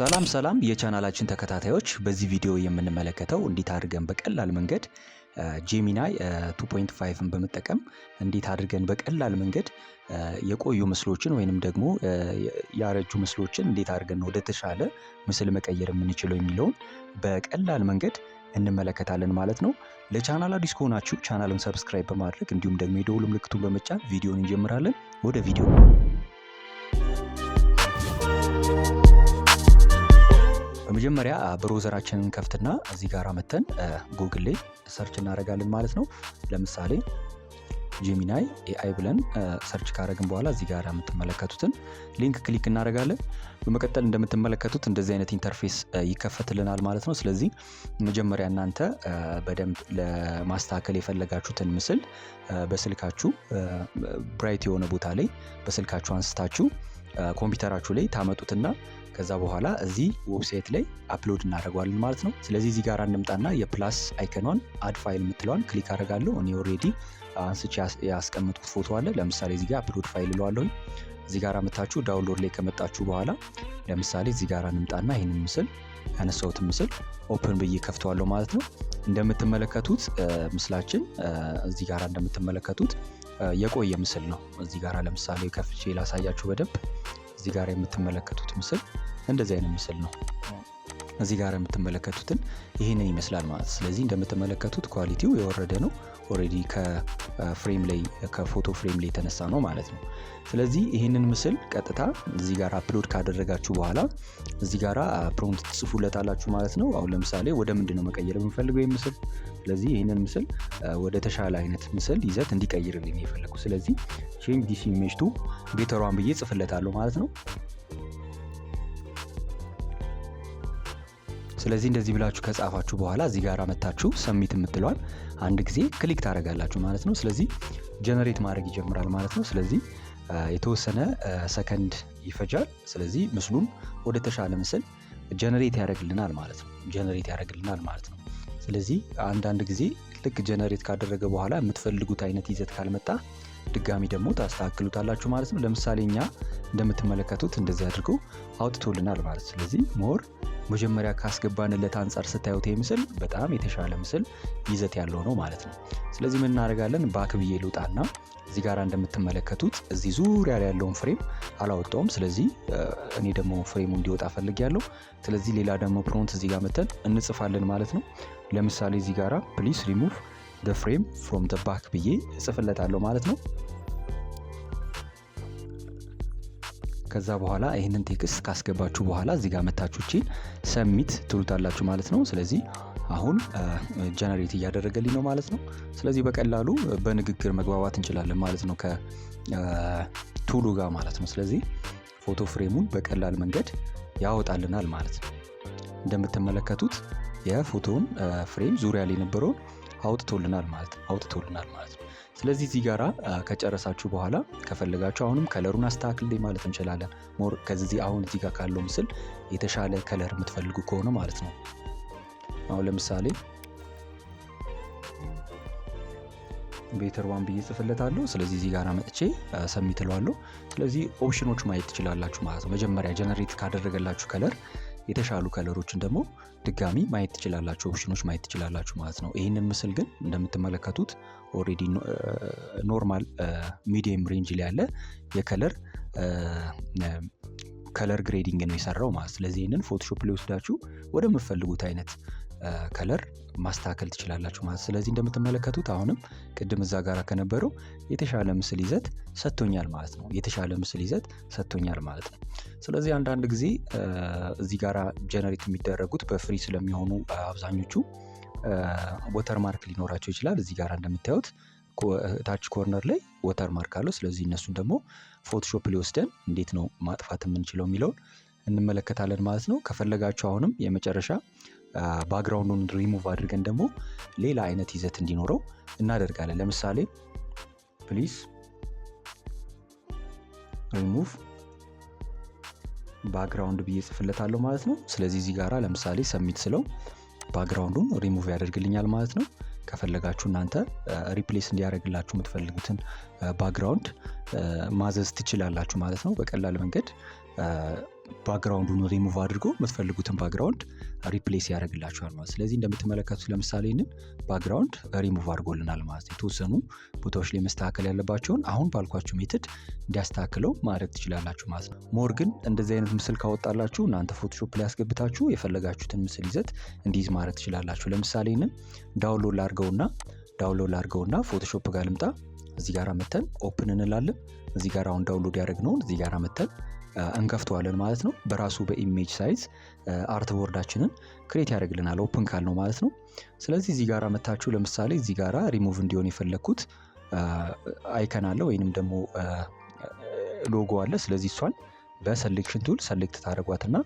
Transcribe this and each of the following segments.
ሰላም ሰላም የቻናላችን ተከታታዮች፣ በዚህ ቪዲዮ የምንመለከተው እንዴት አድርገን በቀላል መንገድ ጄሚናይ 2.5ን በመጠቀም እንዴት አድርገን በቀላል መንገድ የቆዩ ምስሎችን ወይንም ደግሞ ያረጁ ምስሎችን እንዴት አድርገን ወደ ተሻለ ምስል መቀየር የምንችለው የሚለውን በቀላል መንገድ እንመለከታለን ማለት ነው። ለቻናል አዲስ ከሆናችሁ ቻናልን ሰብስክራይብ በማድረግ እንዲሁም ደግሞ የደውል ምልክቱን በመጫን ቪዲዮን እንጀምራለን። ወደ ቪዲዮ መጀመሪያ ብሮዘራችንን ከፍትና እዚህ ጋር መተን ጉግል ላይ ሰርች እናደርጋለን ማለት ነው። ለምሳሌ ጄሚናይ ኤአይ ብለን ሰርች ካደረግን በኋላ እዚህ ጋር የምትመለከቱትን ሊንክ ክሊክ እናደርጋለን። በመቀጠል እንደምትመለከቱት እንደዚህ አይነት ኢንተርፌስ ይከፈትልናል ማለት ነው። ስለዚህ መጀመሪያ እናንተ በደንብ ለማስተካከል የፈለጋችሁትን ምስል በስልካችሁ ብራይት የሆነ ቦታ ላይ በስልካችሁ አንስታችሁ ኮምፒውተራችሁ ላይ ታመጡትና ከዛ በኋላ እዚህ ዌብሳይት ላይ አፕሎድ እናደርገዋለን ማለት ነው። ስለዚህ እዚህ ጋር እንምጣና የፕላስ አይከኗን አድ ፋይል የምትለዋን ክሊክ አደርጋለሁ። እኔ ኦልሬዲ uh, አንስቼ ያስቀመጥኩት ፎቶ አለ። ለምሳሌ እዚህ ጋር አፕሎድ ፋይል እለዋለሁ። እዚህ ጋር መታችሁ ዳውንሎድ ላይ ከመጣችሁ በኋላ ለምሳሌ እዚህ ጋር እንምጣና ይህን ምስል ያነሳሁትን ምስል ኦፕን ብዬ ከፍተዋለሁ ማለት ነው። እንደምትመለከቱት uh, ምስላችን uh, እዚህ ጋር እንደምትመለከቱት የቆየ ምስል ነው። እዚህ ጋር ለምሳሌ ከፍቼ ላሳያችሁ በደንብ እዚህ ጋር የምትመለከቱት ምስል እንደዚህ አይነት ምስል ነው። እዚህ ጋር የምትመለከቱትን ይህንን ይመስላል ማለት። ስለዚህ እንደምትመለከቱት ኳሊቲው የወረደ ነው። ኦሬዲ ከፍሬም ላይ ከፎቶ ፍሬም ላይ የተነሳ ነው ማለት ነው። ስለዚህ ይህንን ምስል ቀጥታ እዚህ ጋር አፕሎድ ካደረጋችሁ በኋላ እዚህ ጋር ጽፉለት አላችሁ ማለት ነው። አሁን ለምሳሌ ወደ ምንድ ነው መቀየር የምንፈልገው ይህ ምስል። ስለዚህ ይህንን ምስል ወደ ተሻለ አይነት ምስል ይዘት እንዲቀይርልኝ የፈለግኩ። ስለዚህ ቼንጅ ዲስ ኢሜጅ ቤተሯን ብዬ ጽፍለታለሁ ማለት ነው። ስለዚህ እንደዚህ ብላችሁ ከጻፋችሁ በኋላ እዚህ ጋር መታችሁ ሰሚት የምትለዋል አንድ ጊዜ ክሊክ ታደርጋላችሁ ማለት ነው። ስለዚህ ጀነሬት ማድረግ ይጀምራል ማለት ነው። ስለዚህ የተወሰነ ሰከንድ ይፈጃል። ስለዚህ ምስሉን ወደ ተሻለ ምስል ጀነሬት ያደርግልናል ማለት ነው። ጀነሬት ያደረግልናል ማለት ነው። ስለዚህ አንዳንድ ጊዜ ልክ ጀነሬት ካደረገ በኋላ የምትፈልጉት አይነት ይዘት ካልመጣ ድጋሚ ደግሞ ታስተካክሉታላችሁ ማለት ነው። ለምሳሌ እኛ እንደምትመለከቱት እንደዚህ አድርጎ አውጥቶልናል ማለት ስለዚህ ሞር መጀመሪያ ካስገባንለት አንጻር ስታዩት ምስል በጣም የተሻለ ምስል ይዘት ያለው ነው ማለት ነው። ስለዚህ ምን እናደርጋለን? ባክ ብዬ ልውጣና እዚህ ጋር እንደምትመለከቱት እዚህ ዙሪያ ላይ ያለውን ፍሬም አላወጣውም። ስለዚህ እኔ ደግሞ ፍሬሙ እንዲወጣ ያለው ስለዚህ ሌላ ደግሞ ፕሮንት እዚህ ጋር መተን እንጽፋለን ማለት ነው። ለምሳሌ እዚህ ጋር ፕሊስ ሪሙቭ በፍሬም ፍሬም ፍሮም ዘ ባክ ብዬ እጽፍለታለሁ ማለት ነው። ከዛ በኋላ ይህንን ቴክስት ካስገባችሁ በኋላ እዚህ ጋር መታችሁችን ሰሚት ትሉታላችሁ ማለት ነው። ስለዚህ አሁን ጀነሬት እያደረገልኝ ነው ማለት ነው። ስለዚህ በቀላሉ በንግግር መግባባት እንችላለን ማለት ነው ከቱሉ ጋር ማለት ነው። ስለዚህ ፎቶ ፍሬሙን በቀላል መንገድ ያወጣልናል ማለት ነው። እንደምትመለከቱት የፎቶውን ፍሬም ዙሪያ ላይ የነበረውን አውጥቶልናል ማለት ነው አውጥቶልናል ማለት ነው። ስለዚህ እዚህ ጋራ ከጨረሳችሁ በኋላ ከፈለጋችሁ አሁንም ከለሩን አስተካክል ማለት እንችላለን። ሞር ከዚህ አሁን እዚህ ጋር ካለው ምስል የተሻለ ከለር የምትፈልጉ ከሆነ ማለት ነው። አሁን ለምሳሌ ቤተር ዋን ብዬ ጽፍለታለሁ። ስለዚህ እዚህ ጋር መጥቼ ሰሚ ትለዋለሁ። ስለዚህ ኦፕሽኖች ማየት ትችላላችሁ ማለት ነው። መጀመሪያ ጀነሬት ካደረገላችሁ ከለር የተሻሉ ከለሮችን ደግሞ ድጋሚ ማየት ትችላላችሁ፣ ኦፕሽኖች ማየት ትችላላችሁ ማለት ነው። ይህንን ምስል ግን እንደምትመለከቱት ኦልሬዲ ኖርማል ሚዲየም ሬንጅ ላይ ያለ የከለር ከለር ግሬዲንግ ነው የሰራው ማለት ስለዚህ ይህንን ፎቶሾፕ ላይ ወስዳችሁ ወደምትፈልጉት አይነት ከለር ማስተካከል ትችላላችሁ ማለት። ስለዚህ እንደምትመለከቱት አሁንም ቅድም እዛ ጋር ከነበረው የተሻለ ምስል ይዘት ሰጥቶኛል ማለት ነው። የተሻለ ምስል ይዘት ሰጥቶኛል ማለት ነው። ስለዚህ አንዳንድ ጊዜ እዚህ ጋራ ጀነሬት የሚደረጉት በፍሪ ስለሚሆኑ አብዛኞቹ ወተርማርክ ሊኖራቸው ይችላል። እዚህ ጋር እንደምታዩት ታች ኮርነር ላይ ወተር ማርክ አለው። ስለዚህ እነሱን ደግሞ ፎቶሾፕ ሊወስደን እንዴት ነው ማጥፋት የምንችለው የሚለውን እንመለከታለን ማለት ነው። ከፈለጋችሁ አሁንም የመጨረሻ ባክግራውንዱን ሪሙቭ አድርገን ደግሞ ሌላ አይነት ይዘት እንዲኖረው እናደርጋለን። ለምሳሌ ፕሊስ ሪሙቭ ባክግራውንድ ብዬ ጽፍለታለሁ ማለት ነው። ስለዚህ እዚህ ጋራ ለምሳሌ ሰሚት ስለው ባክግራውንዱን ሪሙቭ ያደርግልኛል ማለት ነው። ከፈለጋችሁ እናንተ ሪፕሌስ እንዲያደርግላችሁ የምትፈልጉትን ባክግራውንድ ማዘዝ ትችላላችሁ ማለት ነው በቀላል መንገድ ባክግራውንዱን ሪሙቭ አድርጎ የምትፈልጉትን ባክግራውንድ ሪፕሌስ ያደርግላችኋል ማለት። ስለዚህ እንደምትመለከቱት ለምሳሌ ይህንን ባክግራውንድ ሪሙቭ አድርጎልናል ማለት ነው። የተወሰኑ ቦታዎች ላይ መስተካከል ያለባቸውን አሁን ባልኳችሁ ሜትድ እንዲያስተካክለው ማድረግ ትችላላችሁ ማለት ነው። ሞር ግን እንደዚህ አይነት ምስል ካወጣላችሁ እናንተ ፎቶሾፕ ላይ ያስገብታችሁ የፈለጋችሁትን ምስል ይዘት እንዲይዝ ማድረግ ትችላላችሁ። ለምሳሌ ይህንን ዳውንሎድ ላድርገውና ዳውንሎድ ላድርገውና ፎቶሾፕ ጋር ልምጣ። እዚህ ጋር መተን ኦፕን እንላለን። እዚህ ጋር አሁን ዳውንሎድ ያደረግነውን እዚህ ጋር መተን እንከፍተዋለን ማለት ነው። በራሱ በኢሜጅ ሳይዝ አርት ቦርዳችንን ክሬት ያደርግልናል ኦፕን ካል ነው ማለት ነው። ስለዚህ እዚህ ጋራ መታችሁ ለምሳሌ እዚህ ጋራ ሪሙቭ እንዲሆን የፈለግኩት አይከን አለ ወይንም ደግሞ ሎጎ አለ። ስለዚህ እሷን በሰሌክሽን ቱል ሰሌክት ታደርጓትና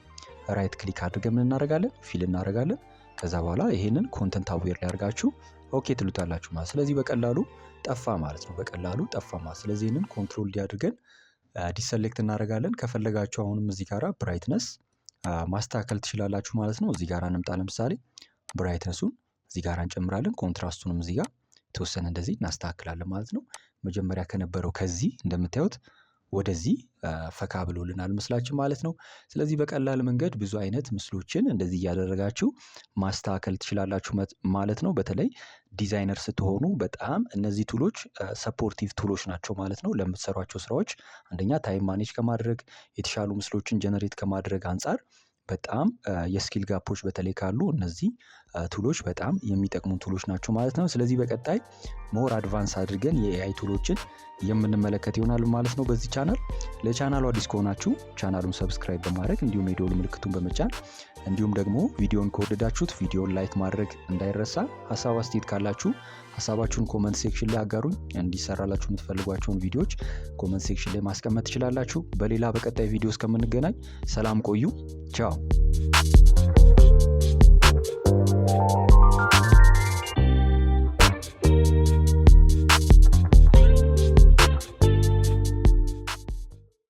ራይት ክሊክ አድርገን ምን እናደርጋለን? ፊል እናደርጋለን። ከዛ በኋላ ይሄንን ኮንተንት አዌር ላይ አድርጋችሁ ኦኬ ትሉታላችሁ ማለት ስለዚህ በቀላሉ ጠፋ ማለት ነው። በቀላሉ ጠፋ ማለት ስለዚህ ይህንን ኮንትሮል ሊያድርገን ዲሰሌክት እናደርጋለን ከፈለጋችሁ አሁንም እዚህ ጋራ ብራይትነስ ማስተካከል ትችላላችሁ ማለት ነው። እዚህ ጋራ እንምጣ ለምሳሌ ብራይትነሱን እዚህ ጋር እንጨምራለን ኮንትራስቱንም እዚህ ጋር የተወሰነ እንደዚህ እናስተካክላለን ማለት ነው። መጀመሪያ ከነበረው ከዚህ እንደምታዩት ወደዚህ ፈካ ብሎልናል ምስላችን ማለት ነው። ስለዚህ በቀላል መንገድ ብዙ አይነት ምስሎችን እንደዚህ እያደረጋችሁ ማስተካከል ትችላላችሁ ማለት ነው። በተለይ ዲዛይነር ስትሆኑ በጣም እነዚህ ቱሎች ሰፖርቲቭ ቱሎች ናቸው ማለት ነው። ለምትሰሯቸው ስራዎች አንደኛ ታይም ማኔጅ ከማድረግ የተሻሉ ምስሎችን ጀነሬት ከማድረግ አንጻር በጣም የስኪል ጋፖች በተለይ ካሉ እነዚህ ቱሎች በጣም የሚጠቅሙን ቱሎች ናቸው ማለት ነው። ስለዚህ በቀጣይ ሞር አድቫንስ አድርገን የኤአይ ቱሎችን የምንመለከት ይሆናል ማለት ነው በዚህ ቻናል። ለቻናሉ አዲስ ከሆናችሁ ቻናሉን ሰብስክራይብ በማድረግ እንዲሁም የደወል ምልክቱን በመጫን እንዲሁም ደግሞ ቪዲዮን ከወደዳችሁት ቪዲዮን ላይክ ማድረግ እንዳይረሳ። ሀሳብ አስተያየት ካላችሁ ሀሳባችሁን ኮመንት ሴክሽን ላይ አጋሩኝ። እንዲሰራላችሁ የምትፈልጓቸውን ቪዲዮዎች ኮመንት ሴክሽን ላይ ማስቀመጥ ትችላላችሁ። በሌላ በቀጣይ ቪዲዮ እስከምንገናኝ ሰላም ቆዩ። ቻው よ。